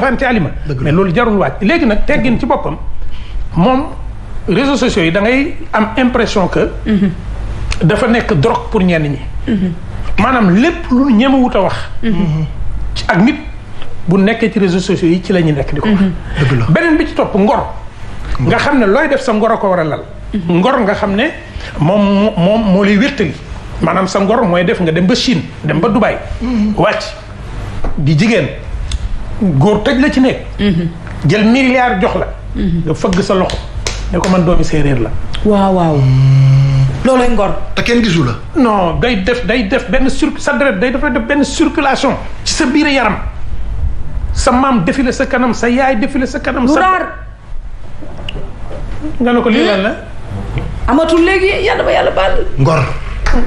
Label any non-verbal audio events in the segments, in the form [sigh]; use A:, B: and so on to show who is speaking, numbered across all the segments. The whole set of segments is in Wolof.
A: dafa am ci alima loolu jarul waaj léegi nag teggin ci boppam moom réseaux yi da ngay am impression que dafa nekk drogue pour ñenn ñi maanaam lépp lu ñemewut a wax ak nit bu nekkee ci réseaux sociaux yi ci la ñu nekk di ko wax beneen bi ci topp ngor nga xam ne looy def sa ngor a ko war a lal ngor nga xam ne moom moom moo lay wéttali maanaam sa ngor mooy def nga dem ba Chine dem ba Dubaï mm-hmm. wàcc di jigéen góor tëj la ci nekk. Mhm. jël milliard jox la. Mhm. nga fëgg sa loxo ne ko man doomi séeréer la. waaw waaw. Hmm. loolooy ngor. te kenn gisu la. non day def day def benn cir sa deret day def benn circulation. ci sa biir yaram sa maam défilé sa kanam sa yaay défilé sa kanam. sa raar. nga ne ko lii lan la. Hmm? amatul léegi yàlla ba yàlla baal. ngor.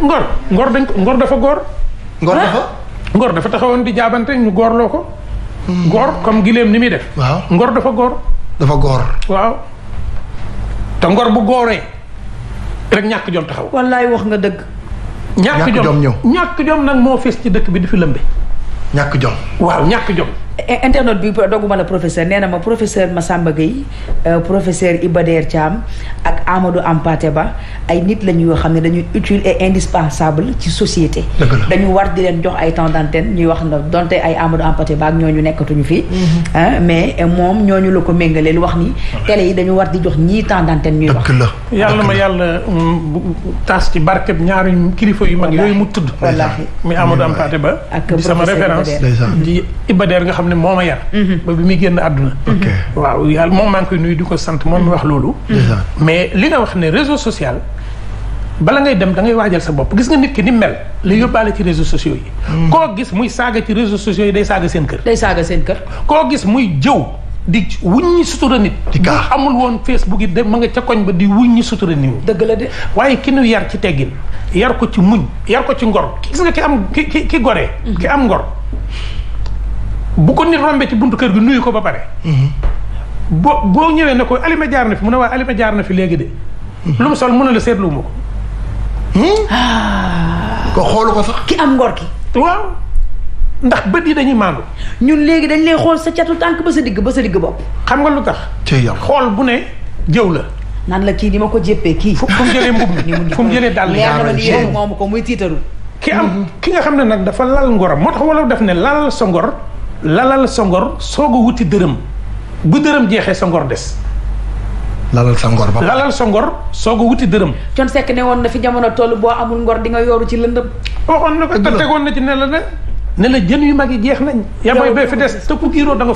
A: ngor ngor dañ ko ngor dafa góor. ngor dafa. ngor dafa taxawoon di jaabante ñu loo ko. góor comme gileem ni muy def. waaw ngor dafa góor. dafa góor. waaw te ngor bu góoree rek ñàkk jom taxaw. wallaay wax nga dëgg. ñàkk jom ñëw ñàkk jom nag moo fees ci dëkk bi di fi lëmbe. ñàkk jom. waaw ñàkk jom.
B: internet bi dogguma la professeur nee na ma professeur Massamba Gueye euh, professeur Iba Der Thiam ak Amadou Hampâté ba ay nit la ñu yoo xam ne dañuy utile et indispensable ci société dañu war di leen jox ay temps d'antenne ñuy wax na donte ay Amadou Hampâté Bâ ak ñooñu nekkatuñu fii mm-hmm. mais moom ñooñu la ko méngaleel wax ni télé yi dañu war di jox ñii temps d'antenne ñuy wax
A: yàlla ma yàlla um, taas ci barkeb ñaari kilifa yu mag yooyu mu tudd wallaahi mi Amadou Hampâté Bâ ak sama référence di Iba xam ne yar. Mhm. ba bi muy génn àdduna. waaw yàlla moom maa ngi koy nuyu di ko sant moom mi wax loolu. mais li nga wax ne réseau social. bala ngay dem da ngay waajal sa bopp gis nga nit ki ni mel li yóbbaale ci réseaux sociaux yi. Mm. koo gis muy saaga ci réseaux sociaux yi day saaga seen kër. day saaga seen kër. koo gis muy jëw di wuññi sutura nit. di amul woon Facebook yi de ma nga ca koñ ba di wuññi sutura nit. dëgg la de waaye ki nu yar ci teggin yar ko ci muñ yar ko ci ngor gis nga ki am ki ki ki goree. Mhm. bu ko nit rombee ci buntu kër gi nuyu ko ba pare. Mhm. boo boo ñëwee ne ko alime jaar na fi mu ne waa alima jaar na fi léegi de. Mhm. lu mu sol mu ne la seetlu ma ko. Hmm? Ah. ko xoolu ko sax. ki am ngor ki. waaw ndax bët yi dañuy maandu. ñun léegi dañ lay xool sa catu tànk ba sa digg ba sa digg bopp. xam nga lu tax. xool bu ne jëw la. naan la kii ni ma ko jéppee kii. fu mu jëlee mbub mi fu mu jëlee [laughs] dàll. leer na ko muy tiitaru. ki am mhm. ki nga xam ne nag dafa lal ngoram moo tax wala def ne lal sa ngor. lalal sa ngor soog a wuti dërëm bu dërëm jeexee sa ngor des. lalal sa ngor ba lalal sa ngor soog wuti dërëm. Thione Seck ne woon na fi jamono toll boo amul ngor di nga yooru ci lëndëm. waxoon na ko te tegoon na ci ne la ne. ne jën yu mag yi jeex nañ. yaa mooy bee fi des te ku jiiroo da nga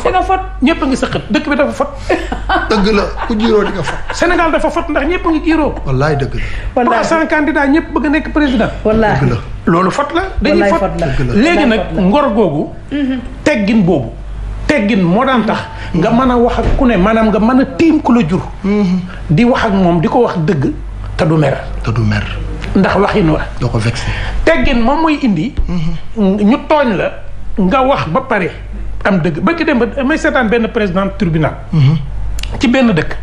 A: ñëpp a ngi sëqat dëkk bi dafa fot. [laughs] dëgg la ku jiiroo di nga Sénégal dafa fot ndax ñëpp a ngi jiiroo. wallaay dëgg la. wallaay 300 candidats ñëpp bëgg nekk président. wallaay dëgg la. loolu fot la dañuy fot léegi nag ngor googu mhm. teggin boobu teggin moo daan tax nga mën a wax ak ku ne maanaam nga mën a tiim ku la jur mhm. di wax ak moom di ko wax dëgg te du mer te du mer ndax waxin wa doo ko vexé teggin moom mooy indi mhm. ñu tooñ la nga wax ba pare am dëgg ba ki dem ba may seetaan benn président tribunal ci benn dëkk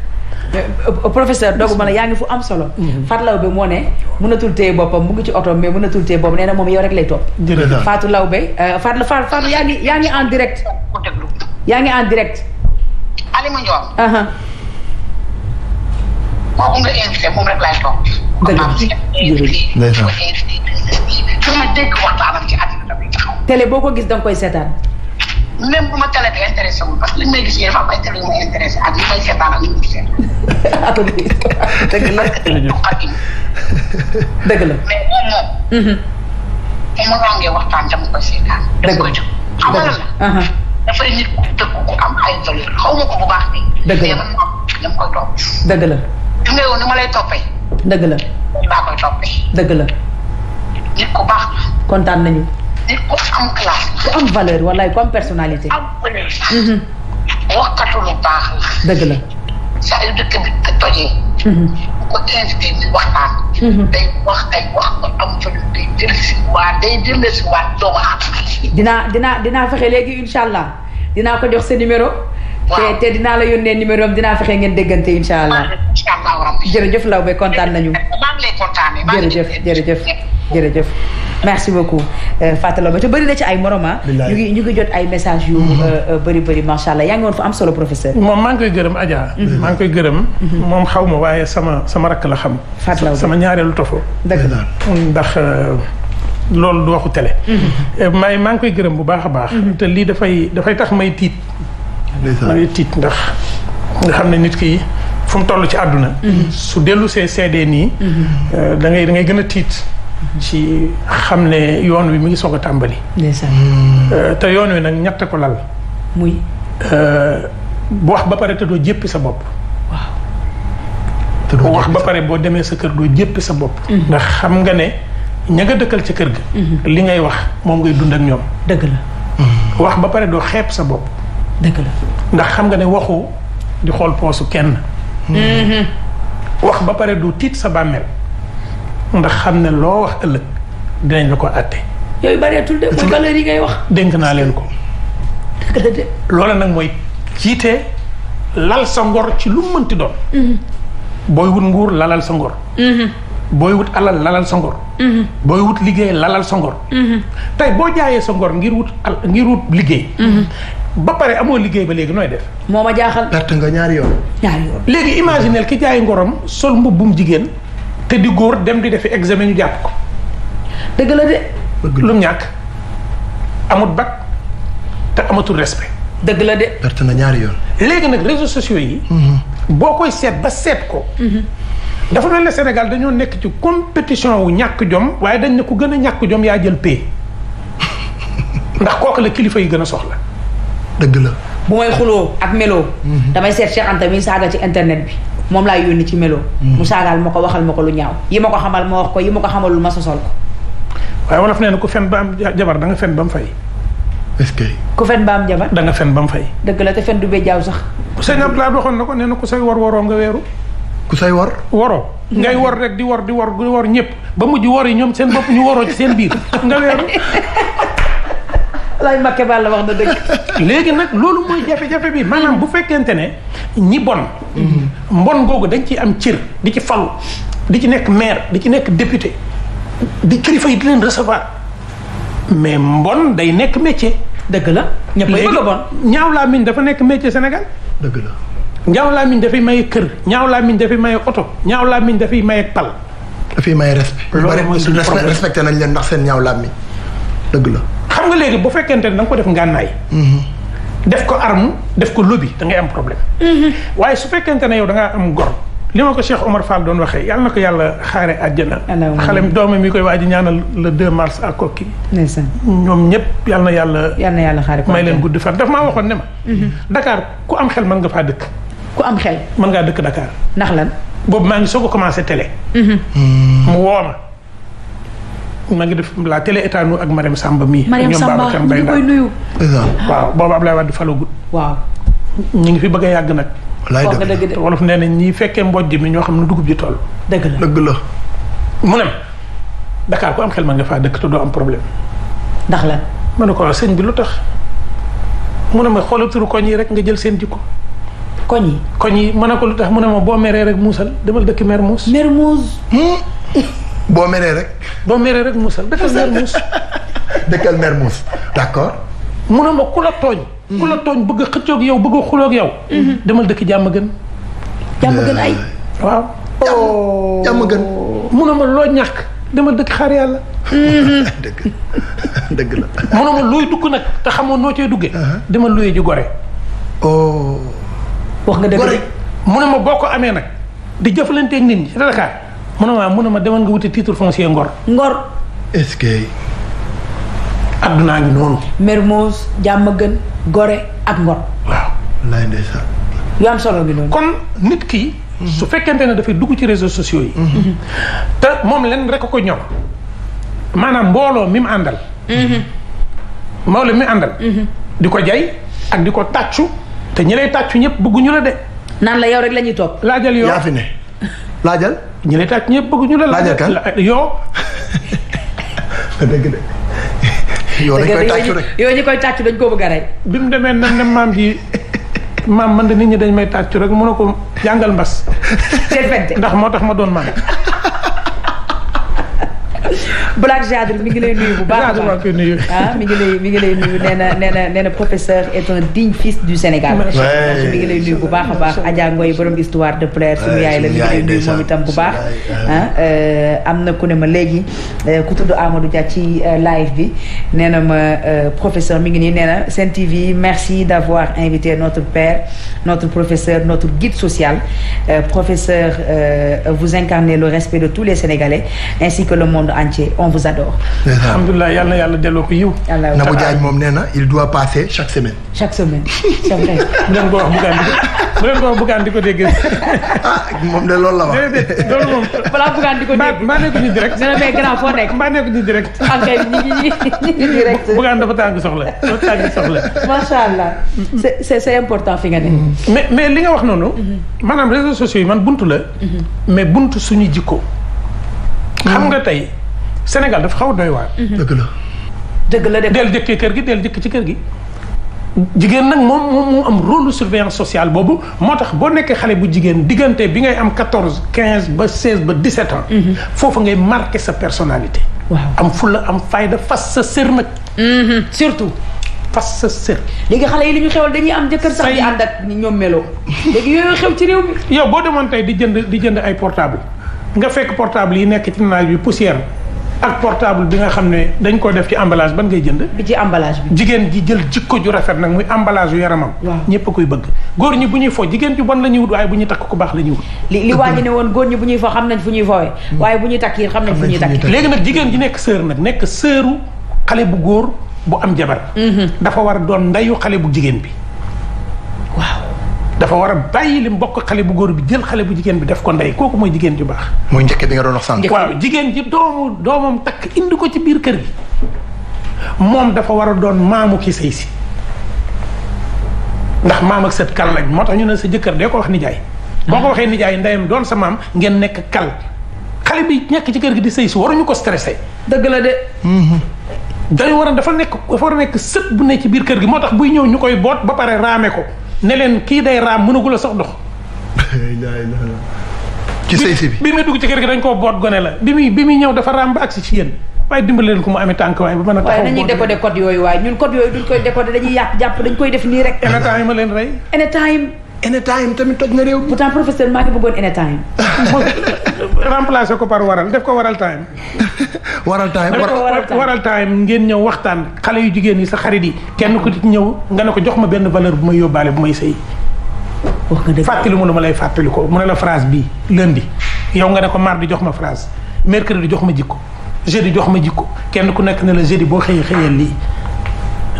B: Eh, professeur dogu ma la yaa ngi fu am solo mhm. Fatou Lawbe moo ne mënatul téye boppam mu ngi ci oto mais mënatul téye boppam nee na moom yow rek lay topp Fatou Lawbe Fatou Fatou yaa ngi yaa ngi en direct yaa ngi en direct Alima Ndior moom nga invité topp dëgg boo ko gis danga koy seetaan même bu ma télé bi intéressé wul parce que li may gis yéen dafa am ay télé yu may intéressé ak li may seetaan ak li muy seet.
A: [laughs] dëgg la dëgg la mais moom moom. Mhm.
B: te mu ràngee waxtaan dama koy seetaan.
A: dëgg la dama koy jóg xam nga la.
B: dafa nit ku dëkk ku am ay valeur xaw ma ko bu baax nii. dëgg la dama koy topp. dëgg la. li nga yow ni ma lay toppee. dëgg la. laa koy toppee. dëgg la. nit ku baax la. kontaan nañu. nit am classe. ku am valeur walaay ku am personnalité. Mhm.
A: la. dëgg la. saa yu mhm.
B: mhm. dinaa dinaa fexe léegi incha allah dinaa ko jox sa numéro. te dinaa la yónnee numéro am dinaa fexe ngeen déggante incha allah. incha allah jërëjëf Lawbe nañu. maa ngi jërëjëf jërëjëf jërëjëf. merci beaucoup euh, Fataloo ba te bari na ci ay moroma ah. ñu ngi ñu jot ay message yu mm-hmm. euh, euh, bari bari macha allah yaa ngi woon fa am solo professeur
A: moom maa ngi koy gërëm Adja mm-hmm. maa ngi koy gërëm mm-hmm. moom xaw ma waaye sama sama rakk la xam Fataloo sama ñaareelu tofo dëgg la ndax loolu du waxu télé may maa ngi koy gërëm bu baax a baax te lii dafay dafay tax may tiit may tiit ndax nga xam ne nit ki fu mu toll ci àdduna su dellu see seedee nii da ngay da ngay gën a tiit ci xam ne yoon wi mu ngi soog a tàmbali. Euh, te yoon wi nag ñett ko lal. muy. bu euh, wax ba pare te doo jéppi sa bopp. waaw. wax ba pare boo demee sa kër doo jéppi sa bopp. Mhm. ndax xam nga ne ña nga dëkkal ca kër gi mhm. li ngay wax moom ngay dund ak ñoom. dëgg la. Mhm. wax ba pare doo xeeb sa bopp. dëgg ndax xam nga ne waxu di xool poosu kenn. wax ba pare du tiit sa bàmmeel. ndax xam ne loo wax ëllëg dinañ la ko àtte. yooyu bareetul de pour yi ngay wax. dénk naa leen ko. loola nag mooy jiite lal sa ngor ci lu mu mënti doon. Mhm. booy wut nguur lalal sa ngor. Mhm. booy wut alal lalal sa ngor. Mhm. booy wut liggéey lalal sa ngor. tey boo jaayee sa ngor ngir wut al ngir wut liggéey. ba pare amoo liggéey ba léegi nooy def. moo ma jaaxal. perte nga ñaari yoon. ñaari yoon léegi imaginel ki jaay ngorom sol mbubbum jigéen. te di góor dem di defi examen ñu jàpp ko dëgg la de. lum ñàkk amut bac te amatul respect. dëgg la de. na ñaari yoon. léegi nag réseaux sociaux yi. Mhm. boo koy seet ba seet ko. Mhm. dafa mel ne Sénégal dañoo nekk ci compétition wu ñàkk jom waaye dañ ne ku gën a ñàkk jom yaa jël pay [laughs] ndax kooku la kilifa yi gën a soxla. dëgg la. bu may
B: xuloo ak meloo. Mhm. damay seet Cheikh Anta mi saaga ci internet bi. moom laay yónni ci melo. Hmm. mu saagaal ma ko waxal ma ko lu ñaaw yi ma ko xamal ma wax ko yi ma ko xamalul ma sosol ko. waaye wolof nee ne ku fen
A: ba am jabar da nga ba mu fay. est que. ku fen ba am jabar. da nga fen ba mu fay. dëgg la te fen du bee jaaw sax. sëñ Abdoulaye waxoon na ko nee na ku say war waroo nga weeru. ku say war. waroo ngay war rek di war di war di war ñëpp ba mujj war yi ñoom seen bopp ñu waroo ci seen biir nga weeru. lay [laughs] makke baal la wax na dëgg. léegi nag loolu mooy jafe-jafe bi maanaam bu fekkente ne ñi bon. Mm-hmm. mbon googu dañ ciy am cër di ci falu di ci nekk maire di ci nekk député di kilifa yi di leen recevoir mais mbon day nekk métier. dëgg la ñëpp bëgg a bon ñaaw laa dafa nekk métier Sénégal. dëgg la ñaaw laa miin dafay maye kër ñaaw laa miin dafay maye oto ñaaw laa miin dafay maye pal. dafay maye respect. loolu mooy suñu problème respecté nañ leen ndax seen ñaaw laa miin la. xam nga léegi bu fekkente ne da ko def ngànnaay. Mm-hmm. def ko arme def ko lobby da ngay am problème. Mhm. waaye su fekkente ne yow da ngaa am gor. li ma ko Cheikh Omar Fall doon waxee yàlla ko yàlla xaare àjjana. xalem doomam mi koy waaji ñaanal le 2 mars à Kokki. ñoom ñëpp yàlla na yàlla. yàlla na yàlla xaare may leen gudd fan daf maa waxoon ne ma. Mhm. Dakar ku am xel man nga faa dëkk. ku am xel. mën ngaa dëkk dakaar ndax lan. boobu maa ngi soo ko commencé télé. Mhm. mu woo ma. maa ngi def la télé état nu ak Mariam Samba mii. Mariam Samba ñu koy nuyu waaw boobu Ablaye Wade falagut. waaw. ñu ngi fi bëgg a yàgg nag. wallaay dëgg la wolof nee na ñi fekkee mbojj mi ñoo xam ne dugub ji tool dëgg la dëgg la. mu ne Dakar ku am xel man nga faa dëkk te doo am problème. ndax la ma ne ko sëñ bi lu tax mu ne ma xoolal turu koñ yi rek nga jël seen jikko. koñ yi koñ yi ne ko lu tax mu ne ma boo meree rek muusal dama dëkk mer muus. mer muus. Hmm? [laughs] boo meree rek. boo meree rek muusal dëkkal mer muus. [laughs] dëkkal mer muus d'accord. mun a ma ku la tooñ. ku la tooñ bëgg a xëccoog yow bëgg a xuloog yow. Mm-hmm. demal dëkk jàmm gën. jàmm gën ay. waaw. jàmm jàmm gën. mun a ma loo ñàkk demal dëkk xaar yàlla. dëgg mm-hmm. [laughs] dëgg la. [laughs] ma looy dugg nag te xamoon noo cee duggee. Uh-huh. demal luy ji gore. oh. wax nga dëgg gore mun a ma boo ko amee nag di jëflanteeg nit ñi Dakar. mu ne ma mu ma demal nga wuti titre foncier Ngor. Ngor. est-ce que. addunaa ngi noonu. Mermoz gën gore ak Ngor. waaw solo bi noonu. kon nit ki. Mhm. su fekkente ne dafay dugg ci réseaux sociaux yi. Mhm. te moom leen rek ko ñëw maanaam mbooloo mi mu àndal. Mhm. mbooloo mi mu àndal. di ko jay ak di ko tàccu te ñi lay tàccu ñëpp bëgguñu la de. naan la yow rek la ñuy topp. laajal yow yaa fi ne laajal. ñu lay tàcc ñëpp bëgg ñu la. laajal kan yoo. dëgg de yoo dañ koy tàccu rek yoo dañ koo bëgg a rey. bi mu demee nan ne maam ji maam man de nit ñi dañ may tàccu rek mën a ko jàngal mbas. ndax moo tax ma doon maam. Black Jadri mi ngi lay nuyu bu baax
B: ah, mi ngi lay mi ngi lay nuyu nee na nee professeur est un digne fils du Sénégal ah, mi ngi lay nuyu bu baax a baax Adja Ngoy borom histoire de plaire suñu yaay la mi ngi lay nuyu moom itam bu baax ah eh, am na ku ne ma léegi eh, ku tudd Amadou Dia ci eh, live bi nee na ma professeur mi ngi nii nee na Sen TV merci d'avoir invité notre père notre professeur notre guide social professeur vous incarnez le respect de tous les Sénégalais ainsi que le monde entier on vous adore.
A: alhamdulilah yal na yàlla delloo ko yiw. alhamdulilah Nabou Diagne moom nee na il doit passer chaque semaine. chaque semaine [laughs] c'est vrai. bu leen ko wax bugaan di ko bu leen ko wax bugaan [laughs] ah, la wax. déedéet loolu [laughs] di ko
B: allah. c'est important fi nga ne. Mm-hmm.
A: mais li nga wax noonu. Mm-hmm. maanaam réseaux sociaux yi man buntu la. Mm-hmm. mais buntu suñu jikko. xam nga tey. Sénégal dafa xaw a doy waar. Mhm. dëgg la. dëgg la de del jëkkee kër gi del jëkk ci kër gi. jigéen nag moom moom moo am rôle surveillance sociale boobu moo tax boo nekkee xale bu jigéen diggante bi ngay am quatorze quinze ba seize ba dix sept an mhm. foofu ngay marqué sa personnalité. waaw am fulla am fayda fas sa sër nag. Mhm. surtout. fas sa sër. léegi xale yi li ñu xewal dañuy am jëkkër sax yi ànd ak ñoom meloo. léegi yooyu xew ci réew mi. yow boo demoon tey di jënd di jënd ay portable nga fekk portable yi nekk ci naaj bi ak portable bi nga xam ne dañ koo def ci embalage ban ngay jënd. bi ci embalage bi. jigéen ji jël jikko ju rafet nag muy embalage yu yaramam. waaw ñëpp a koy bëgg. góor ñi bu ñuy fo jigéen ju bon la ñuy wut waaye bu ñuy takk ku baax la ñuy wut. li li waa ne woon góor ñi bu ñuy fo xam nañ fu ñuy fowee. Hmm. waaye bu ñuy takk yi xam nañ fu ñuy takk. léegi nag jigéen ji nekk sœur nag nekk sœuru xale bu góor bu am jabar. Hmm. dafa war a doon ndeyu xale bu jigéen bi dafa war a bàyyi li mbokk xale bu góor bi jël xale bu jigéen bi def ko ndey kooku mooy jigéen ju baax. mooy njëkk bi nga doon wax sànq. jigéen ji doomu doomam takk indi ko ci biir kër gi moom dafa war a doon maamu ki sëy si ndax maam ak sët kal lañ moo tax ñu ne sa jëkkër dee ko wax nijaay. boo ko waxee nijaay ndeyam doon sa maam ngeen nekk kal xale bi nekk ci kër gi di sëy si ñu ko stressé. dëgg la de. Mhm. dañu war a dafa nekk dafa war a nekk sët bu ne ci biir kër gi moo tax buy ñëw ñu koy boot ba pare raame ko. ne leen kii day raam mënagul a sax dox. [laughs] ci sëy si bi bi dugg ci kër gi dañ koo boot gone la bi muy bi muy ñëw dafa raam ba agsi ci yéen waaye dimbali ko mu amee tànk waaye ba mën a taxaw waaye nañuy décoder
B: code yooyu waaye ñun code yooyu duñ koy décoder dañuy yàq jàpp dañ koy def nii rek. en temps leen
A: rey. anytime tamit toj na réew mi. pourtant professeur maa ngi bëggoon anytime. [laughs] remplacer ko par waral def ko waral time. [laughs] waral time waral time ngeen ñëw waxtaan xale yu jigéen yi sa xarit yi kenn ku ci ñëw nga ne ko jox ma benn valeur bu may yóbbaale bu may sëy. wax nga dëgg fàttali mu ne ma lay fàttali ko mu ne la phrase bii lundi yow nga ne ko mar di jox ma phrase mercredi jox ma jikko jeudi jox ma jikko kenn ku nekk ne la jeudi boo xëyee xëyee lii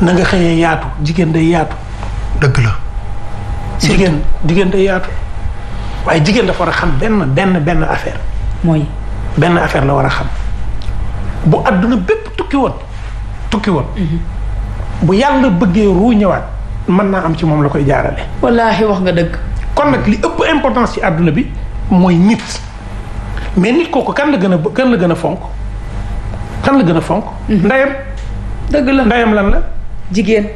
A: na nga xëyee yaatu jigéen day yaatu. dëgg la. jigéen jigéen day yaatu waaye jigéen dafa war a xam benn benn benn affaire. mooy benn affaire la war a xam bu àdduna bépp tukki woon tukki woon. Mhm. bu yàlla bëggee ruu ñëwaat mën naa am ci moom la koy jaarale. wallaahi wax nga dëgg. kon nag li ëpp importance ci àdduna bi mooy nit mais nit kooku kan la gën a kan la gën a fonk kan la gën a fonk. Mhm. ndeyam. dëgg la ndeyam lan la. jigéen.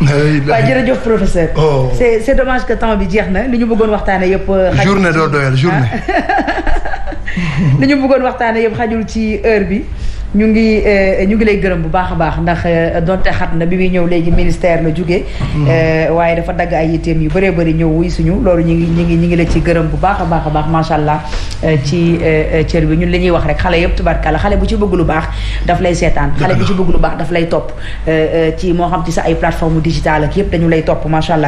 A: waaw jërëjëf professeur.
B: oh c'est c'est dommage que temps bi jeex na li ñu bëggoon waxtaanee yëpp. Euh, journée
A: doo doyal journée.
B: [laughs] li ñu bëggoon waxtaanee yëpp xajul ci heure bi. ñu ngi eh, ñu ngi lay gërëm bu baax a baax ndax eh, donte xat na bi muy ñëw léegi ministère la jógee mm-hmm. eh, waaye dafa dagg ay yitteem yu bëree bëri ñëw wuy suñu loolu ñu ngi ñu ngi ñu ngi la ci gërëm bu baax a baax a baax macha allah ci cër bi ñun li ñuy wax rek xale yëpp tubarkalla xale bu ci bëgg lu baax daf lay seetaan xale bu ci bëgg lu baax daf lay topp ci moo xam ci sa ay plateforme digitale ak yëpp dañu lay topp macha allah